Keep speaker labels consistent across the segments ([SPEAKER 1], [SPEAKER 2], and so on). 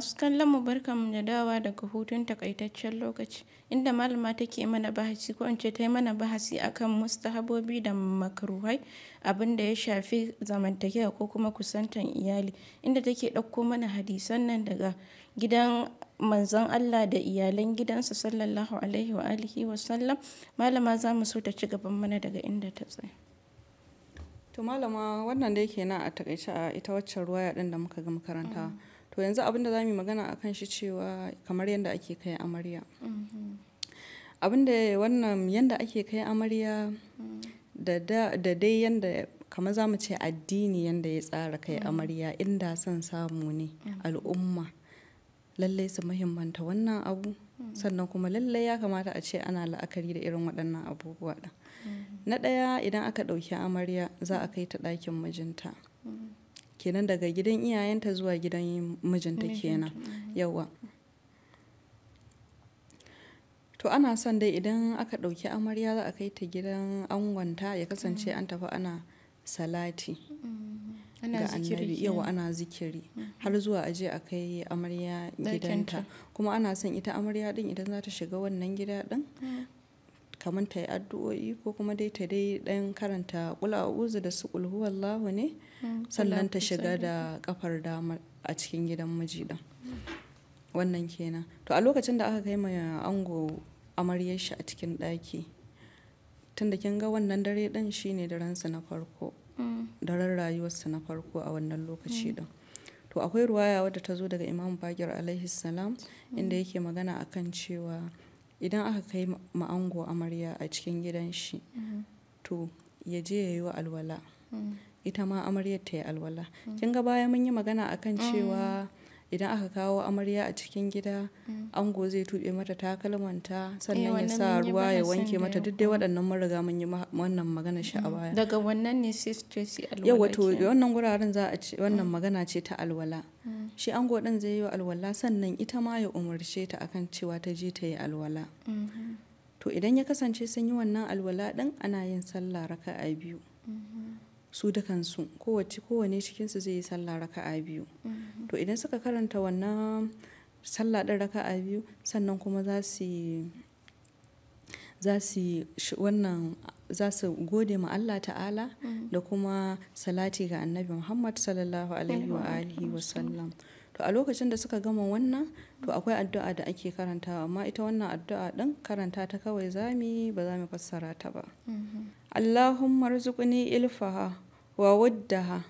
[SPEAKER 1] Masu kallon mu barka mu da dawa daga hutun takaitaccen lokaci inda malama take mana bahasi ko ce ta mana bahasi akan mustahabobi da makruhai abin da ya shafi zamantakewa ko kuma kusantan iyali inda take ɗauko mana hadisan nan daga gidan manzon Allah da iyalan gidansa sallallahu alaihi wa alihi wa sallam malama za mu so ta ci gaban mana daga inda ta tsaya.
[SPEAKER 2] To malama wannan da yake na a takaice a ita waccan ruwaya din da muka ga makaranta. to yanzu abin da za mu magana a kan shi cewa kamar yadda ake kai amarya mm-hmm. abin da wannan yadda ake kai amarya mm. da dai yadda kamar za mu ce addini yadda ya tsara kai mm. amarya inda son samu ne mm. al'umma lallai su muhimmanta wannan abu sannan kuma lallai ya kamata a ce ana la'akari da irin waɗannan abubuwa na ɗaya idan aka ɗauki amarya za a kai ta ɗakin mijinta kenan daga gidan iyayenta zuwa gidan mijinta kenan mm. yawa to ana son dai idan aka ɗauki amarya za a kai ta gidan angonta ya kasance mm. an tafi ana salati mm. ga annabi yawa ana zikiri har zuwa aje a kai amarya gidanta kuma ana son ita amarya din idan za ta shiga wannan gida din kamar ta yi addu'o'i ko kuma dai ta dai ɗan karanta ƙula uzu da su wallahu ne
[SPEAKER 3] hmm, sannan ta shiga da
[SPEAKER 2] kafar dama a cikin gidan miji 'dan, wannan kenan to a lokacin da aka kai mai ango amaryar shi a cikin ɗaki tunda kin ga wannan dare ne shine ransa na farko hmm. daren rayuwarsa na farko a wannan lokaci 'dan. Hmm. to akwai ruwaya wadda ta zo daga imam bagir alaihi salam inda yake magana akan cewa idan aka kai ma'ango ango amarya a cikin gidan shi mm-hmm. to ya je ya yi wa alwala mm. ita ma amaryar ta yi alwala mm. kin ga baya mun yi magana akan mm. cewa idan aka kawo amarya a cikin gida mm. ango zai tuɓe mata takalmanta sannan ya sa ruwa ya wanke mata duk dai waɗannan mun riga mun yi wannan magana shi a mm. baya daga
[SPEAKER 1] wannan ne sai alwala wato wannan
[SPEAKER 2] guraren za a ce wannan mm. magana ce ta alwala shi ango din zai yi alwala sannan ita ma ya umarce ta akan cewa ta je ta yi alwala mm-hmm. to idan ya kasance sun yi wannan alwala din ana yin sallah raka'a biyu su dukansu kowace kowane cikinsu zai yi sallah raka'a biyu mm-hmm. to idan suka karanta wannan sallah ɗin raka'a biyu sannan kuma za su za su wannan za su gode ma Allah ta'ala mm-hmm. da kuma salati ga annabi Muhammad sallallahu alaihi wa alihi wa sallam to a lokacin da suka gama wannan to akwai addu'a da ake karantawa amma ita wannan addu'a din karanta ta kawai zami ba za mu fassara ta ba mm-hmm. Allahumma rizikuni ilfaha wa waddaha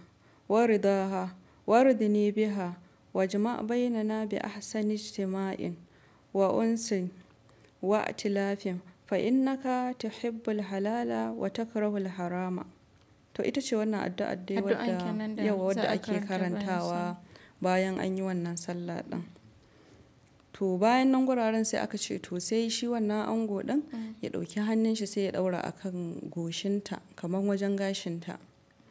[SPEAKER 2] wa rizaha wa rizini biha wa jima bayyana na bi ahsani jima'in wa unsin wa fa in na ka ta hibbul halala wa ta karawar harama to ita ce wannan addu'ar da yawa wadda ake karantawa bayan an yi wannan sallah ɗin to bayan nan guraren sai aka ce to sai shi wannan ango din mm. ya ɗauki hannun shi sai ya ɗaura akan goshinta kamar wajen gashinta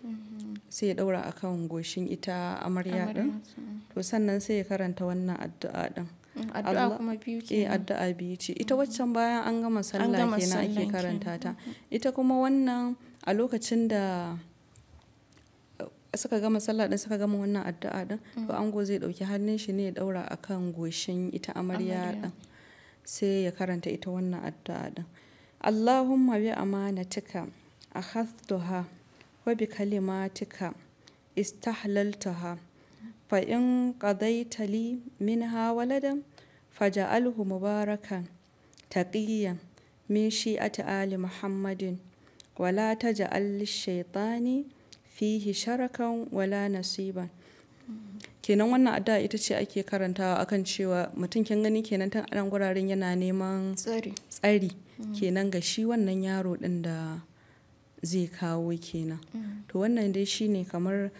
[SPEAKER 2] mm-hmm. sai ya ɗaura akan goshin ita amarya din to sannan sai ya karanta wannan addu'a din mm, addu'a kuma biyu eh, ke addu'a biyu ce ita mm-hmm. waccan bayan an gama sallah kenan ake karanta ta ita kuma wannan a lokacin da suka gama sallah din suka gama wannan addu'a din to ango zai dauki hannun shi ne ya daura akan goshin ita amarya din sai ya karanta ita wannan addu'a din Allahumma bi amanatika akhadtuha wa bi kalimatika istahlaltaha fa in qadaita li minha waladan faja'alhu mubarakan taqiyan min shi'ati ali muhammadin wala taj'al lish-shaytani fihi sharakan wala nasiban kenan wannan addu'a ita ce ake karantawa akan cewa mutum kin gani kenan tun anan guraren yana neman tsari mm. kenan ga shi wannan yaro din da zai kawo kenan mm. to wannan dai shine kamar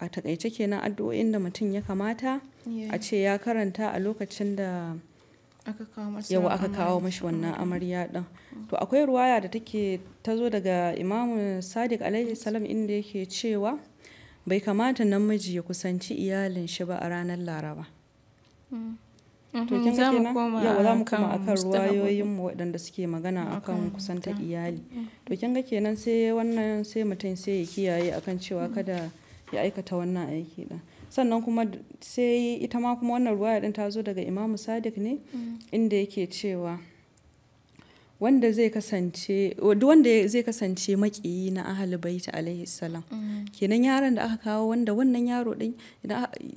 [SPEAKER 2] a takaice kenan addu'o'in da mutum ya kamata a ce ya karanta a lokacin da yawa aka kawo mashi wannan mm. amarya din to akwai ruwaya da take ta zo daga imamu sadiq alaihi salam inda yake cewa bai kamata namiji ya kusanci iyalin shi ba a ranar laraba
[SPEAKER 3] mm. to mm-hmm. kin za mu koma yawa za mu koma a ruwayoyin
[SPEAKER 2] mu waɗanda suke magana akan kusanta iyali mm. to kin ga kenan sai wannan sai mutum sai ya kiyaye akan cewa kada ya aikata wannan aiki din sannan kuma sai ita ma kuma wannan ruwaya din ta zo daga imamu sadiq ne mm. inda yake cewa wanda zai kasance wanda zai kasance makiyi na ahli baiti alaihi salam mm. kenan yaron da aka kawo wanda wannan yaro din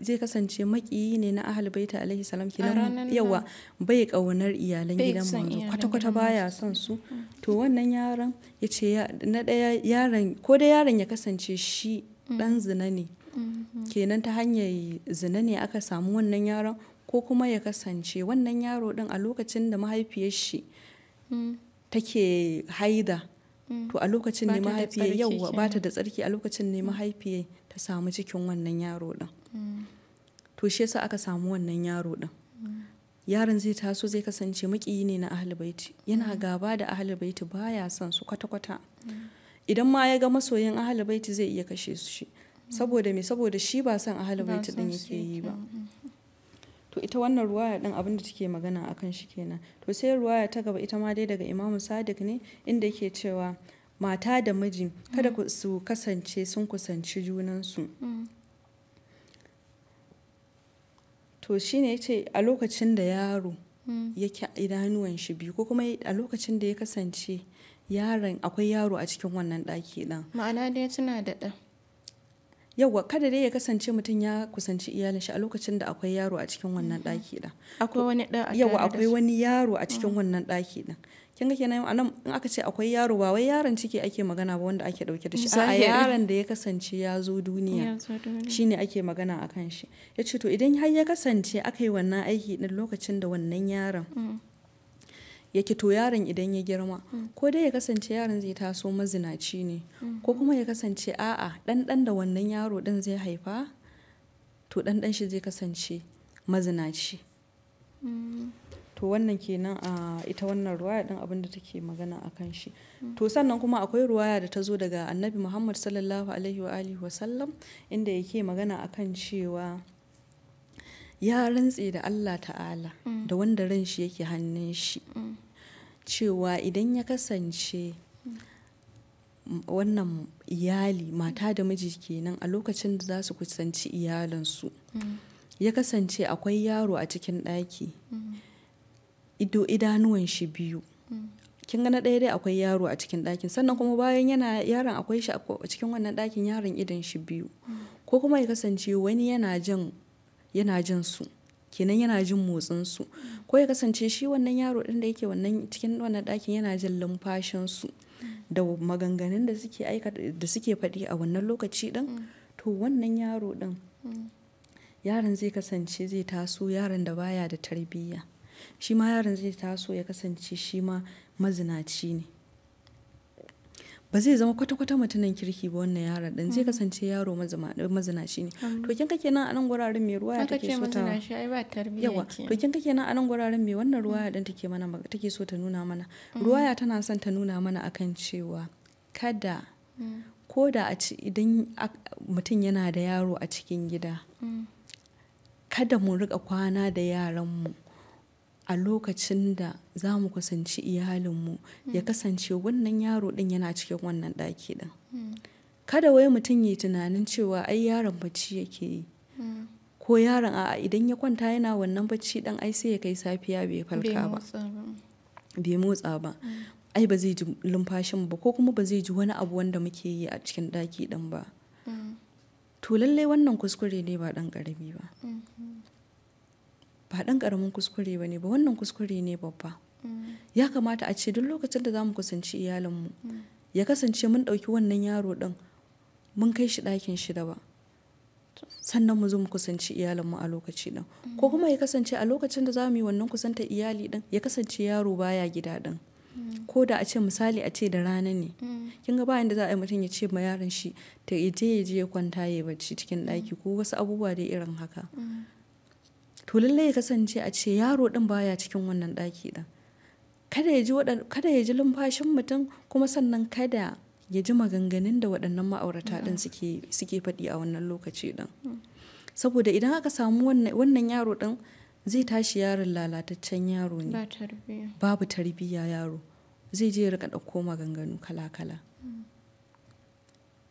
[SPEAKER 2] zai kasance makiyi ne na ahli baiti alaihi salam kenan yawa bai kaunar iyalan gidan manzo kwata kwata baya son su mm. to wannan yaron yace na daya yaron ko da yaron ya kasance shi dan zina ne Mm-hmm. Kenan ta hanyar zina ne aka samu wannan yaron ko kuma ya kasance wannan yaro din a lokacin da mahaifiyar mm. take haida. Mm. To a lokacin ne mahaifiyar yauwa ba ta da tsarki a lokacin ne mm. mahaifiyar ta samu cikin wannan yaro din. To shi yasa aka samu wannan yaro din. Yaron zai taso zai kasance makiyi ne na ahalibaiti. Yana gaba da ahalibaiti ba baya son su kwata-kwata. Idan ma ya ga masoyin ahalibaiti zai iya kashe su shi. saboda me saboda shi ba san ahalul baiti din yake yi ba mm, mm. to ita wannan ruwaya din abin da take magana akan shi kenan to sai ruwaya ta gaba ita ma dai daga imamu sadiq ne inda yake cewa mata da miji kada su kasance sun kusanci junansu mm. to shi ne ce a lokacin da yaro yake idanuwan shi biyu ko kuma a lokacin da ya kasance yaron akwai yaro a cikin wannan ɗaki ɗan ma'ana dai tana da ɗan yawa kada dai ya kasance mutum ya kusanci iyalin shi a lokacin da akwai yaro a cikin wannan daki mm-hmm. da. akwai wani yawa akwai wani yaro a cikin mm. wannan daki da kin ga kenan anan in aka ce akwai yaro ba wai yaron ciki ake magana ba wanda ake dauke da shi a yaron da ya kasance ya zo duniya shine ake magana akan shi ya ce to idan har ya kasance aka yi wannan aiki ɗin lokacin da wannan yaron mm. yake to yaron idan ya girma ko dai ya kasance yaron zai taso mazinaci ne ko kuma ya kasance a'a ɗanɗan da wannan yaro ɗin zai haifa to ɗanɗan shi zai kasance mazinaci to wannan kenan a ita wannan ruwaya ɗin abin take magana a kan shi to sannan kuma akwai ruwaya da ta zo daga annabi muhammad sallallahu alaihi wa alihi inda yake magana akan cewa ya rantse da Allah ta'ala da wanda ran shi yake hannun shi cewa idan ya kasance wannan iyali mata da miji kenan a lokacin da za su kusanci iyalinsu ya kasance akwai yaro a cikin ɗaki ido idanuwan shi biyu kin gana daya ɗaya dai akwai yaro a cikin ɗakin sannan kuma bayan yana yaron akwai shi a cikin wannan ɗakin yaron idan shi biyu ko kuma ya kasance wani yana jin yana jin su kenan yana jin motsin su ko ya kasance shi wannan yaro ɗin da yake wannan cikin wannan ɗakin yana jin lumfashin su da maganganun da suke aika da suke faɗi a wannan lokaci ɗin mm. to wannan yaro ɗin mm. yaron zai kasance zai taso yaron da baya da tarbiyya shima yaron zai taso ya kasance shima mazinaci ne ba zai zama kwata-kwata mutumin kirki ba wannan yaron din zai mm-hmm. kasance yaro shi ne mm-hmm. to kin kake nan a nan guraren mai ruwa take so ta yawa to kin kake nan a nan guraren mai wannan ruwa mm-hmm. din take mana take so ta nuna mana ruwaya tana son ta nuna mana akan cewa kada mm. ko da a ci idan mutum yana da yaro a cikin gida mm. kada mu rika kwana da yaranmu mu a lokacin da za mu kusanci iyalinmu ya hmm. kasance wannan yaro din yana cikin wannan ɗaki din. Hmm. Kada wai mutum yi tunanin cewa ai yaron bacci yake yi. Hmm. Ko yaron a'a idan ya kwanta yana wannan bacci dan ai sai ya kai safiya bai falka ba. Bai motsa ba. Ai ba zai ji lumfashin ba ko kuma ba zai ji wani abu wanda muke yi a cikin ɗaki ɗin ba. To lallai wannan kuskure ne ba ɗan ƙarami ba. ba ɗan ƙaramin kuskure ba ne ba wannan kuskure ne babba mm. ya kamata a ce duk lokacin da za mu kusanci iyalinmu mm. ya kasance mun ɗauki wannan yaro ɗin mun kai shi ɗakin shi da ba sannan mu zo mu kusanci iyalinmu a lokaci ɗin ko mm. kuma ya kasance a lokacin da za mu yi wannan kusantar iyali ɗin ya kasance yaro baya gida ɗin ko da a ce misali a ce da rana ne kin ga bayan da za a yi mutum ya ce ma yaron shi ta je ya je ya kwanta ya bacci cikin ɗaki ko wasu abubuwa dai irin haka to lallai ya kasance a ce yaro din baya cikin wannan ɗaki din kada ya ji lumfashin mutum kuma sannan kada ya ji maganganun da waɗannan ma'aurata din mm. suke faɗi a wannan lokaci din mm. saboda idan aka samu wannan yaro din zai tashi yaron lalataccen yaro ne babu tarbiyya yaro zai je ya rika ɗauko maganganu kala-kala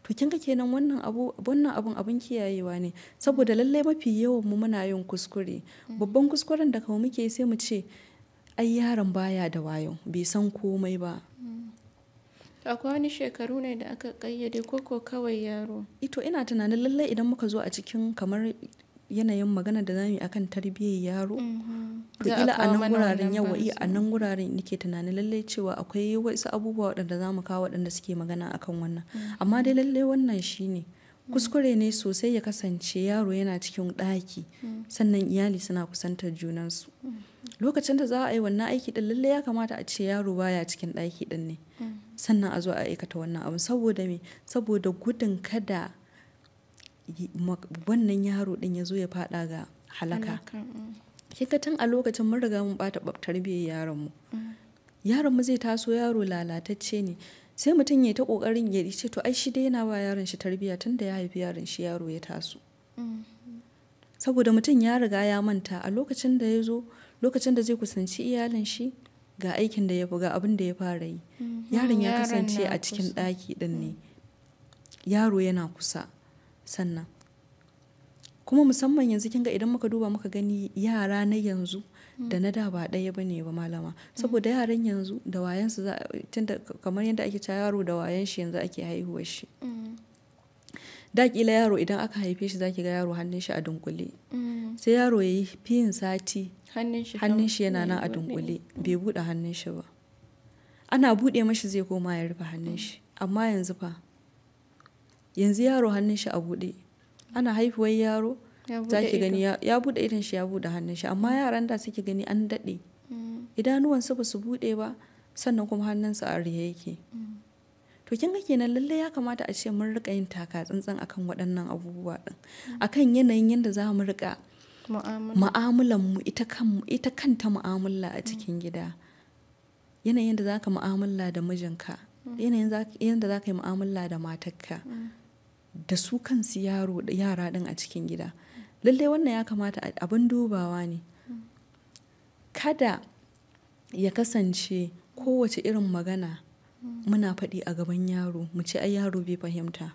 [SPEAKER 2] To kin kenan wannan abu wannan abun abun kiyayewa ne saboda lallai mafi yawan mu muna yin kuskure. Babban kuskuren da kawai muke sai mu ce ai yaron baya da wayo bai san komai ba.
[SPEAKER 1] Akwai wani shekaru ne da aka kayyade ko ko kawai yaro?
[SPEAKER 2] Ito e, ina tunanin lallai idan muka zo a cikin kamar yanayin magana da zamu akan tarbiyyar yaro. Mm-hmm.
[SPEAKER 1] ila a nan wuraren yawa wa'i eh, a nan
[SPEAKER 2] wuraren nake tunanin lallai cewa akwai wasu abubuwa waɗanda za mu kawo waɗanda suke magana akan wannan mm. amma dai lallai wannan shine mm. kuskure ne sosai ya kasance yaro yana cikin ɗaki mm. sannan iyali suna kusantar junansu lokacin da za a yi wannan aiki din lallai ya kamata a ce yaro baya cikin ɗaki din ne sannan a zo a aikata wannan abu saboda me saboda gudun kada wannan yaro ɗin ya zo ya faɗa ga halaka kika tun a lokacin mun riga mun bata tarbiyyar yaron mu yaron mu zai taso yaro lalatacce ne sai mutum ya ta kokarin ya ce to ai shi dai yana ba yaron shi tarbiyya tun da ya haifi yaron shi yaro ya taso saboda mutum ya riga ya manta a lokacin da ya zo lokacin da zai kusanci iyalin shi ga aikin da ya ga abin da ya fara yi yaron ya kasance a cikin ɗaki ɗin ne yaro yana kusa sannan kuma musamman yanzu kinga idan muka duba muka gani yara na yanzu da mm. na da ba ɗaya bane ba malama mm. saboda yaran yanzu da wayan su tunda kamar yadda ake ta yaro da wayan shi yanzu ake haihuwar shi mm. da kila yaro idan aka haife shi zaki ga yaro hannun shi a dunkule sai yaro ya yi fiyin sati hannun shi yana nan a dunkule bai bude hannun shi ba ana buɗe mashi zai koma ya rufe hannun shi amma yanzu fa yanzu yaro hannun shi a bude. ana haihuwar yaro za ki gani ya buɗe idon shi ya buɗe hannun shi amma yaran da suke gani an daɗe mm. idanuwansu ba su buɗe ba sannan kuma hannunsu a rihe yake mm. to kin ga kenan lalle ya kamata a ce mun rika yin taka tsantsan akan waɗannan abubuwa din mm. akan yanayin yadda za mu rika
[SPEAKER 1] mu'amalan
[SPEAKER 2] mu ita kan ita kanta mu'amala a cikin gida yanayin da ka mu'amala da mijinka yanayin yadda ka yi mu'amala da matarka da su kansu yaro yara din a cikin gida lallai wannan ya kamata abin dubawa ne kada ya kasance kowace irin magana muna faɗi a gaban yaro mu ce ai yaro bai fahimta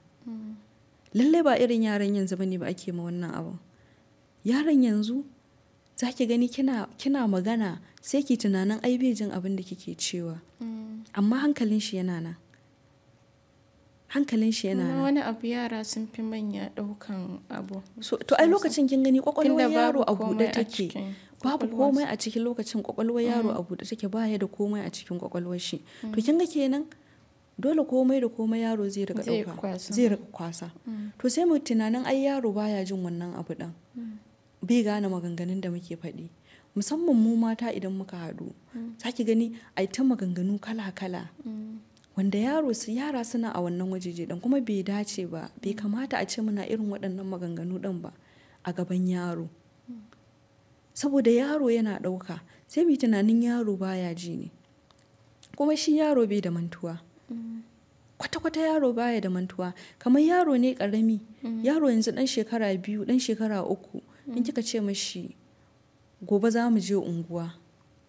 [SPEAKER 2] lallai ba irin yaran yanzu bane ba ake ma wannan abu yaron yanzu za ki gani kina, magana sai ki tunanin ai bai jin abin da kike cewa mm. amma hankalin shi yana nan hankalin shi yana nan
[SPEAKER 1] wani abu yara sun fi manya daukan abu
[SPEAKER 2] so to ai lokacin kin gani kwakwalwar yaro a bude take babu komai a cikin lokacin kwakwalwar yaro a mm. bude take ba ya da komai a cikin kwakwalwar shi to mm. kin ga kenan dole komai da komai yaro zai riga dauka zai riga kwasa mm. to sai mu tunanin ai yaro baya jin wannan abu din bai gane maganganun da muke faɗi musamman mu mata idan muka haɗu za ki gani a ta maganganu kala-kala wanda yaro su yara suna a wannan wajeje dan kuma bai dace ba bai kamata a ce muna irin waɗannan maganganu ɗin ba a gaban yaro saboda yaro yana ɗauka sai mai tunanin yaro baya ji ne kuma shi yaro bai da mantuwa kwata-kwata yaro baya da mantuwa kamar yaro ne karami yaro yanzu ɗan shekara biyu dan shekara uku in kika ce mashi gobe za mu je unguwa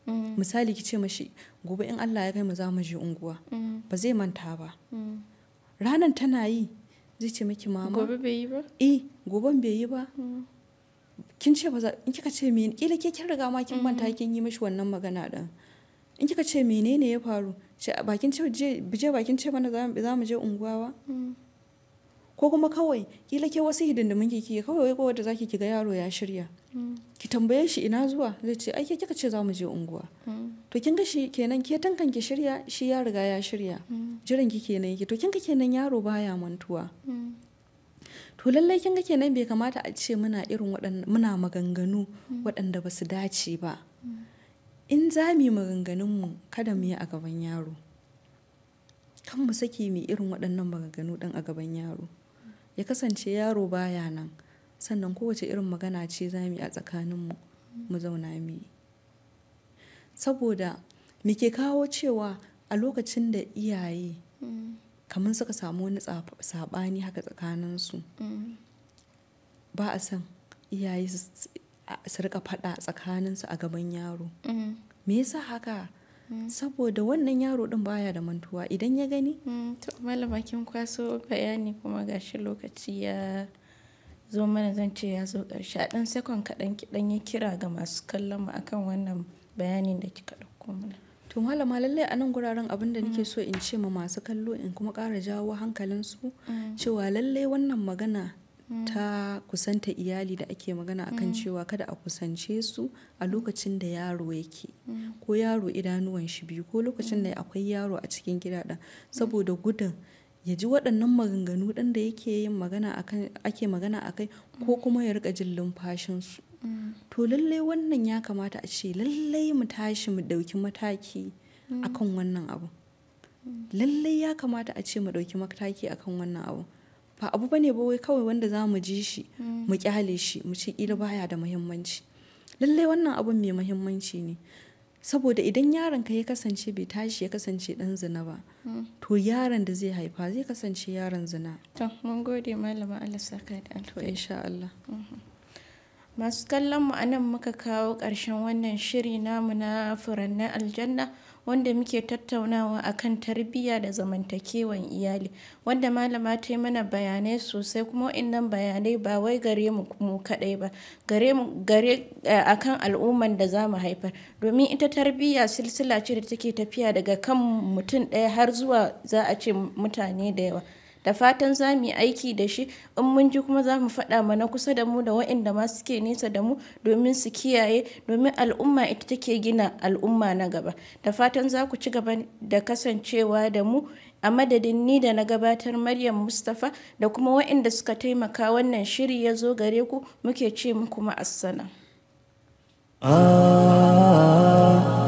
[SPEAKER 2] Mm. misali ki ce mashi gobe in Allah ya kai mu za mu je unguwa mm. ba zai manta ba mm. ranan tana yi zai ce miki mama gobe bai yi ba eh goben bai yi ba kin ce ba za in kika ce mene kila ke kin riga ma kin manta kin yi mishi wannan magana din in kika ce menene ya faru bakin ce je bakin ce mana za mu je unguwa ba ko kuma kawai kila ke wasu hidindimin kiki kawai ko wanda zaki ki ga yaro ya shirya ki tambaye shi ina zuwa zai ce ai ke kika ce za mu je unguwa to kin ga shi kenan ke tankan ki shirya shi ya riga ya shirya jiran ki kenan yake to kin ga kenan yaro baya mantuwa to lallai kin ga kenan bai kamata a ce muna irin muna maganganu waɗanda ba su dace ba in za mu yi maganganunmu kada mu yi a gaban yaro kan mu saki mu irin waɗannan maganganu ɗin a gaban yaro ya kasance yaro baya nan sannan kowace irin magana ce za mu yi a tsakaninmu mu zauna mu yi. Saboda me ke kawo cewa a lokacin da iyaye kamar suka samu wani saɓani haka tsakaninsu ba a san iyaye su rika faɗa tsakaninsu a gaban yaro. Mm. Me yasa haka? Mm. saboda wannan yaro din baya da mantuwa idan ya gani mm, to malamakin kwaso bayani
[SPEAKER 1] kuma gashi lokaci ya zo mana zan ce ya zo ƙarshe a ɗan sekon kaɗan kiɗan
[SPEAKER 2] ya kira ga masu kallon mu akan wannan bayanin da kika dauko mana to malama lallai a nan guraren abin da nake mm. so in ce ma masu kallo in kuma ƙara jawo hankalin hankalinsu cewa lallai wannan magana ta kusanta iyali da ake magana akan mm. cewa kada a kusance su a lokacin da yaro yake mm. ko yaro idanuwan shi biyu ko lokacin da mm. akwai yaro a cikin gida ɗan saboda gudun ya ji waɗannan maganganu ɗin da yake yin magana ake magana akai ko kuma ya rika jin lumfashin su to lallai wannan ya kamata a ce lallai mu tashi mu ɗauki mataki akan wannan abu lallai ya kamata a ce mu ɗauki mataki akan wannan abu ba abu bane ba wai kawai wanda za mu ji shi mm. mu kyale shi mu ce ƙila baya da muhimmanci lallai wannan abun mai muhimmanci ne saboda idan yaron ka ya kasance bai tashi ya kasance dan zina ba mm. to yaron da zai haifa zai kasance yaron zina to
[SPEAKER 1] mun gode malama Allah saka da
[SPEAKER 2] alheri insha Allah mm-hmm.
[SPEAKER 1] Masu kallon mu anan muka kawo ƙarshen wannan shiri namu na furannin aljanna wanda muke tattaunawa akan tarbiyya da zamantakewan iyali wanda malama ta yi mana bayanai sosai kuma innan bayanai ba wai gare mu mu kaɗai ba gare mu gare eh, akan al'umman da za mu haifar domin ita tarbiyya silsila ce da take tafiya daga kan mutum ɗaya har zuwa za a ce mutane da yawa. da fatan za mu yi aiki da shi in mun ji kuma za mu faɗa ma na kusa da mu da waɗanda ma suke nesa da mu domin su kiyaye domin al'umma ita take gina al'umma na gaba da fatan za ku ci gaba da kasancewa da mu a madadin ni da na gabatar maryam mustapha da kuma waɗanda suka taimaka wannan shiri ya zo gare ku muke ce muku ma'assana. Ah.